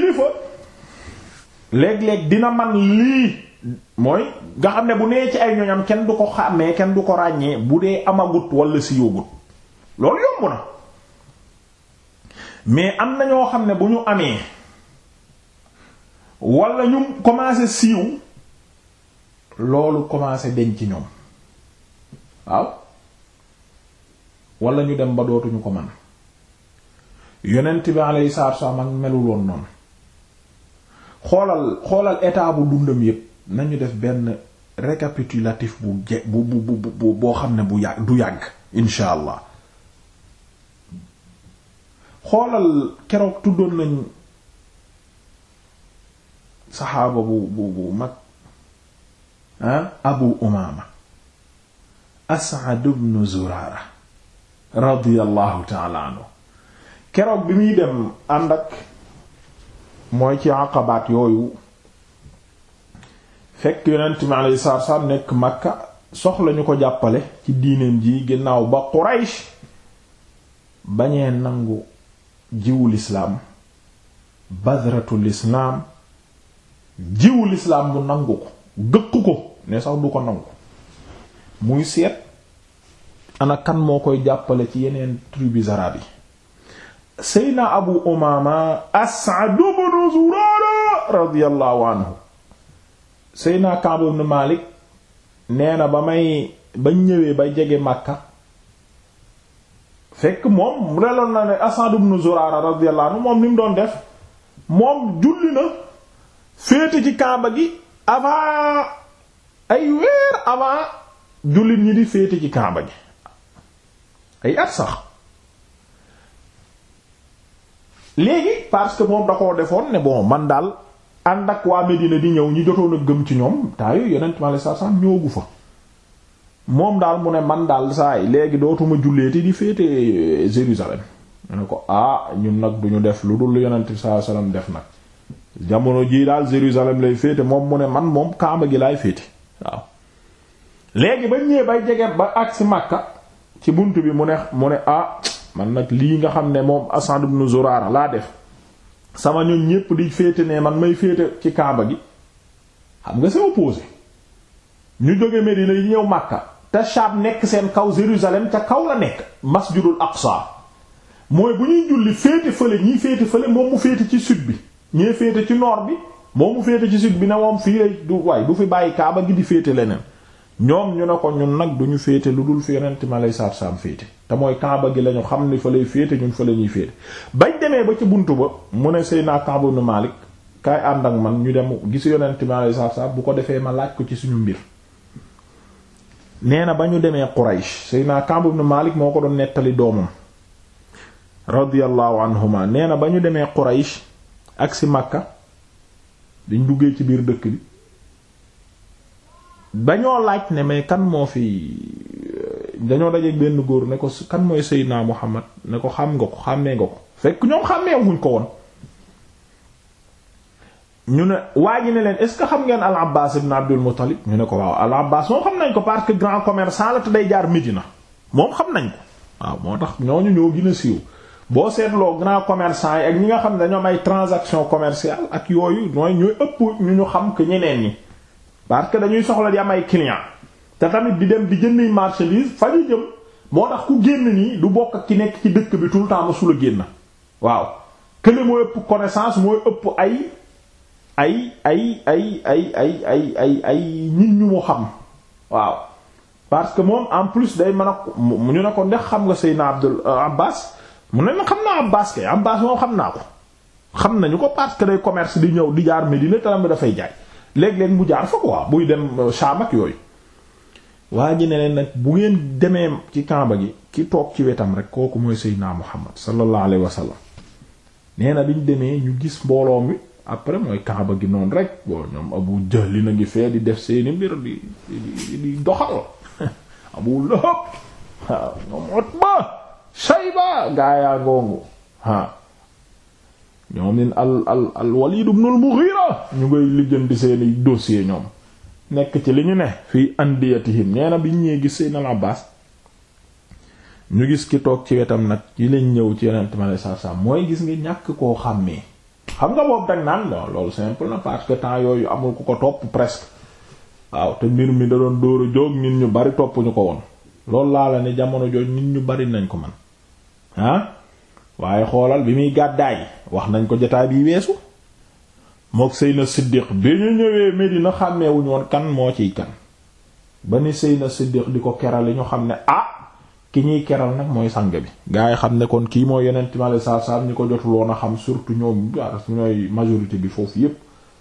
kilifa léeg-léeg dina man lii mooy nga xam ne bu nee ci ay ñoñam kenn du ko xàmmee kenn du ko ràññee bu dee amagut walla si yóbbu loolu yomb na mais am na ñoo xam ne bu ñu amee wala ñu commencé siiw loolu commencé deñ ci ñoom waaw wala ñu dem ba dootuñu ko man yonent bi alayhi salaatu wa salaam meluloon noonu xoolal xoolal état bu dundam yépp nañu def benn récapitulatif bu je bu bu boo xam ne bu yàgg du yàgg incha allah xoolal keroog tuddoon nañu saxaaba bu bu mag ah abu umaama as'ad ibn zuraara radiyallahu ta'ala anhu keroog bi muy dem ànd ak mooy ci àqabaat yooyu fekk yonent mi alayhi salaatu salaam nekk Makka soxla ñu ko jàppale ci diineem ji ginnaaw ba Quraysh bañee nangu jiwu lislaam badratu lislaam jiwu lislaam bu nangu ko gëkk ko ne sax du ko nangu muy seet ana kan moo koy jàppale ci yeneen tribus arabes yi Seyna Abu Umaama As'ad ibn Zuraara radiyallahu anhu Seyna Ka'b ibn Maalik nee na ba may ba ñëwee ba jege màkka fekk moom reloon na ne As'ad ibn Zuraara radiyallahu anhu moom ni mu doon def moom julli na féete ci Kaaba gi avant ay weer avant jullit ñi di féete ci Kaaba gi ay at sax léegi parce que moom da koo defoon ne bon man daal ànd ak waa Medina di ñëw ñi jotoon a gëm ci ñoom taa yu yeneen ma la saa saa ñoogu fa moom daal mu ne man daal saa yi léegi dootuma julleeti di féete euh, Jérusalem mu ne ko ah ñun nag ñu def lu dul yonent saa salaam def nag jamono jii daal Jérusalem lay féete moom mu ne man moom kaaba gi laay féete waaw léegi ba ñëwee bay jege ba agsi Makka ci bunt bi mu ne mu ne ah man nag lii nga xam ne moom Asad ibn Zurara laa def sama ñun ñépp di féete ne man may féete ci Kaaba gi xam nga c'est opposé ñu jóge Medina yi ñëw màkka te Sham nekk seen kaw Jérusalem ca kaw la nekk masjidul Aqsa mooy bu ñuy julli féete fële ñii féete fële moom mu féete ci sud bi ñee féete ci noor bi moom mu féete ci sud bi ne moom fii lay du waay du fi bàyyi Kaaba gi di féete leneen ñoom ñu ne ko ñun nag duñu féete lu dul fi yonent ma lay saar saam féete te mooy kaaba gi lañu xam ni fa lay féete ñun fa la ñuy féete bañ demee ba ci buntu ba mu ne sëy naa Kaab Malik kaay ànd ak man ñu dem gis yonent ma lay saar saam bu ko defee ma laaj ko ci suñu mbir nee na ba ñu demee Quraysh sëy naa Kaab Malik moo ko doon nettali doomam radiyallahu anhuma nee na ba ñu demee Quraysh ak si Makka dañ duggee ci biir dëkk bi dañoo laaj ne may kan moo fi dañoo dajeeg benn góor ne ko kan mooy Seydina Muhammad ne ko xam nga ko xàmmee nga ko fekk ñoom xàmmee wuñ ko woon ñu ne waa ji ne leen est-ce que xam ngeen al Abbas ibn Abdul Muttalib ñu ne ko waaw al Abbas moom parce que grand commerçant la te day jaar Médina moom xam nañ ko moo tax ñooñu ñoo gën a siiw boo seetloo grand commerçant yi ak ñi nga xam ne dañoo am ay transactions commerciales ak yooyu ñooy ñooy ëpp ñu ñu xam que ñeneen ñi. parce que dañuy soxla di am ay client te tamit bi dem di jëndi marchandise fan ñu jëm moo tax ku génn nii du bokk ak ki nekk ci dëkk bi tout le temps masula génn waaw kële mooy ëpp connaissance mooy ëpp ay ay ay ay ay ay ay ay ay nit ñu mu xam waaw parce que moom en plus day man a mu ñu ne ko ndax xam nga Seydina Abdul euh, Abbas mu ne na xam naa Abbas kay Abbas moom xam naa ko xam ñu ko parce que day commerce di ñëw di jaar Medina taram bi dafay jaay léeg-léeg mu jaar fa quoi buy dem euh, Sham yooyu waa ji ne leen nag bu ngeen demee ci kàmba gi ki toog ci wetam rek kooku mooy Seydina Muhammad sallallahu alayhi wa sallam nee na biñ demee ñu gis mbooloo mi après mooy kamba gi noonu rek bon ñoom Abu Jahl na ngi fee di def seeni mbir di ñoom nin al al al Walid ibn al-Mughira ñu ngay lijjanti seeni dossier ñoom nekk ci li ñu ne fii andiyatihim nee na bi ñu ñee gis na al Abbas ñu gis ki toog ci wetam nag yi lañ ñëw ci yeneen ma lay sa mooy gis nga ñàkk koo xàmmee xam nga boobu dañ naan non loolu simple na parce que temps yooyu amul ku ko topp presque waaw te mbir mi da doon dóor a ñu bari topp ñu ko woon loolu laa la ne jamono jooju nit ñu bari nañ ko man ah waaye xoolal bi muy gàddaay wax nañ ko jotaay bi weesu mook Seyna Siddiq bi ñu ñëwee Medina xàmmeewuñu kan moo ciy kan ba ni Seyna Siddiq di ko keral yi ñu xam ne ah ki ñuy keral nag mooy sang bi gaa yi xam ne kon kii mooy yeneen timale saab saab ñu ko jotul a xam surtout ñoom ñooy majorité bi foofu yépp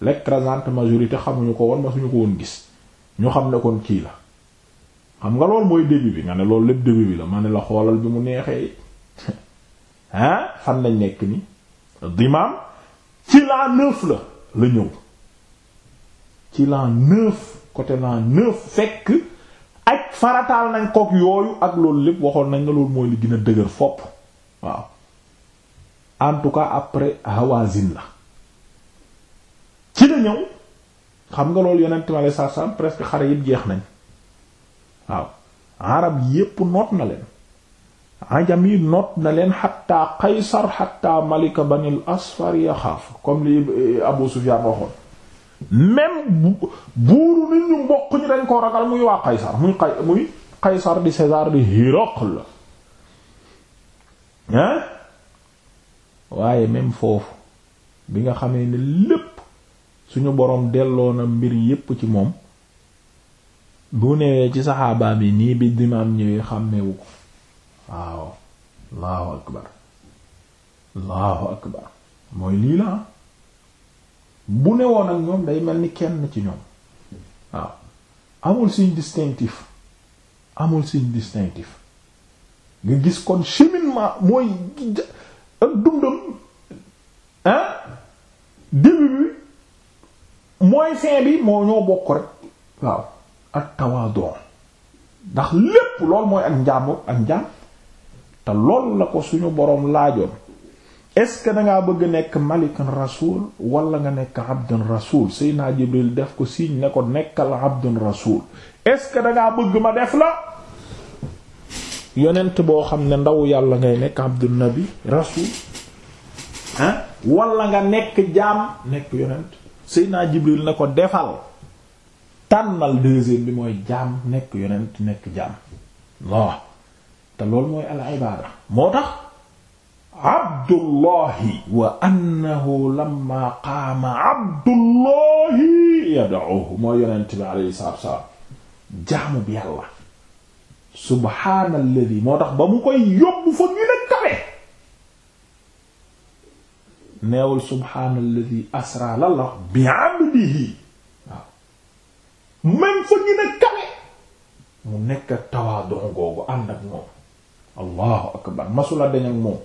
l'écrasante majorité xamuñu ko woon ma suñu ko woon gis ñu xam ne kon kii la xam nga lool mooy début bi nga ne lool lépp début bi la ma ne la xoolal bi mu neexee ah fan lañ nekk ni dimaam ci l'an neuf la la ñëw ci l'an neuf côté l'an neuf fekk ak farataal nañ kook yooyu ak loolu lépp waxoon nañ nga loolu mooy li gën a dëgër fopp waaw en tout cas après Hawazin la ci la ñëw xam nga loolu yonent mi alayhi salaam presque xare yëpp jeex nañ waaw arab yépp noot na leen ajam yi na leen xatta qaysar xatta malika banil asfar yaxaaf comme li Abu Sufyaan waxoon même buuru nit ñu mbokk ñu dañ ko ragal muy waa qaysar muy qay muy qaysar di César di Hiraql hein waaye même foofu bi nga xamee ne lépp suñu boroom delloo na mbir yépp ci moom bu newee ci saxaabaam yi nii bi dimaam ñëwee xàmmewu ko waaw allahu akbar allahu akbar mooy lii la bu ne woon ak ñoom day mel ni kenn ci ñoom waaw amul signe distinctif amul signe distinctif nga gis kon cheminement mooy ak dundam hein début bi mooy fin bi moo ñoo bokk rek waaw ak tawaadon ndax lépp loolu mooy ak njaamu ak njaam lool la ko suñu boroom laajoon est dangaa bëgg nekk malikan rasul wala nga nekk abdun rasul Seydina Jibril def ko signe ne ko nekkal abdun rasul est-ce que dangaa bëgg ma def la yonent boo xam ne ndaw yàlla ngay nekk abdun nabi rasul ah nga nekk jaam nekk yonent Seydina Jibril ne ko defal tànnal deuxième bi mooy jaam nekk yonent nekk jaam waaw te loolu mooy al ibaada moo tax abdullahi wa annahu lamma qaama abdullahi yad'uhu mooy yonent bi alayhi salaatu wa jaamu bi yàlla subhaanalladi moo tax ba mu koy yóbbu fa gën a kawe neewul subhaanalladi asra lalla bi abdihi waaw fa gën a kawe mu nekk tawaadu googu ànd ak moom allahu akbar masula deñ moom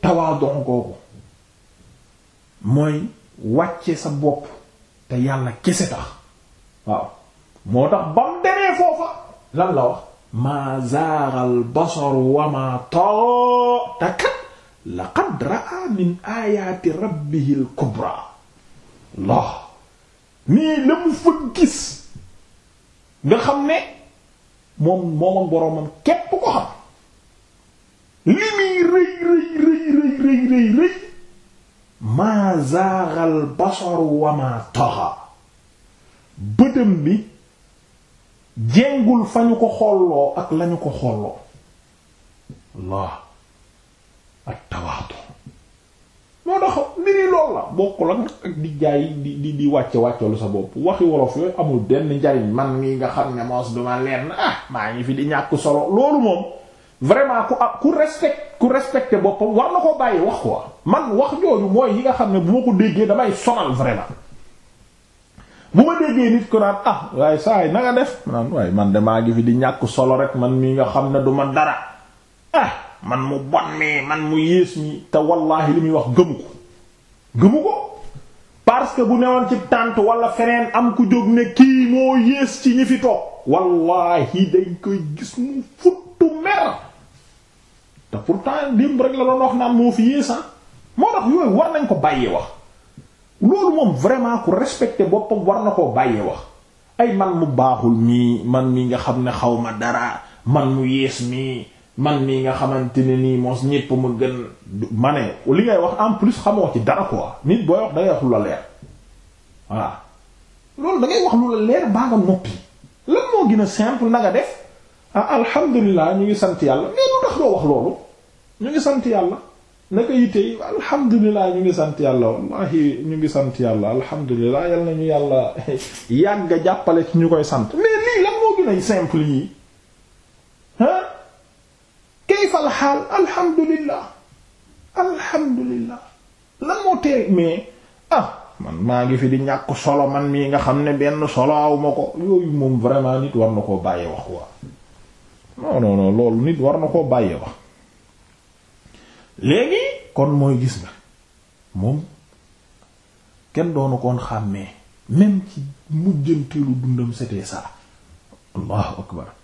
tawaadon kooku mooy wàcce sa bopp te yàlla kese tax waaw moo tax bam demee foofa lan la wax maa zaaral basar wa maa too te kat laqad raa min ayaati rabbihil allah nii la mu fa gis nga xam ne moom moom ak boroomam képp ko xam li muy rëy rëy rëy rëy rëy maa zaaxal basar wa maa taxa bëtam bi jengul fa ñu ko xolloo ak lañu ko xolloo Allah at tawaatu moo tax mbiri lool la bokkul ak di jaay di di di wàcce wàccalu sa bopp waxi wolof yooyu amul benn njariñ man mii nga xam ne moos duma leen ah maa ngi fi di ñàkk solo loolu moom vraiment ku ah ku respect ku respecté boppam war na wax quoi man yi nga xam ne bu ma ko déggee damay sonal vraiment bu ma déggee nit ko naan ah waaye saa def naan man de maa ngi fi di ñàkk solo rek man mii nga xam ne du ma dara ah man mu bon mi man mu yées mi te wallaahi li muy wax gëmu ko gëmu ko parce que bu newoon ci tànt wala feneen am ku jóg ne kii moo yées ci ñi fi toog wallaahi dañ koy gis mu futtu mer te pourtant démb rek la doon wax naan moo fi yées ah moo tax yooyu war nañ ko bàyyee wax loolu moom vraiment ku respecté boppam war na koo bàyyee wax ay man mu baaxul mii man mi nga xam ne xaw ma dara man mu yées mii man mii nga xamante ne nii mos ñépp ma gën ma ne li ngay wax en plus xamoo ci dara quoi nit booy wax da ngay wax lu la leer voilà loolu da wax lu la leer baa nga noppi lan moo gën a simple na def ah alhamdulilah ñu ngi sant yàlla mais lu tax doo wax loolu ñu ngi sant yàlla naka yittey alhamdulilah ñu ngi sant yàlla wallahi ñu ngi sant yàlla alhamdulilah yal nañu yàlla yàgg jàppale si ñu koy sant mais lii lan moo gën simple yi xaal alhamdulillah alhamdulillah lan moo tee mais ah man maa ngi fi di ñàkk solo man mii nga xam ne benn solo ko yooyu moom vraiment nit war na koo bàyyee wax quoi non koo bàyyee wax léegi kon mooy gis nga moom kenn doonu koon xàmmee même ci mujjanteelu dundam c'était ça allahu akbar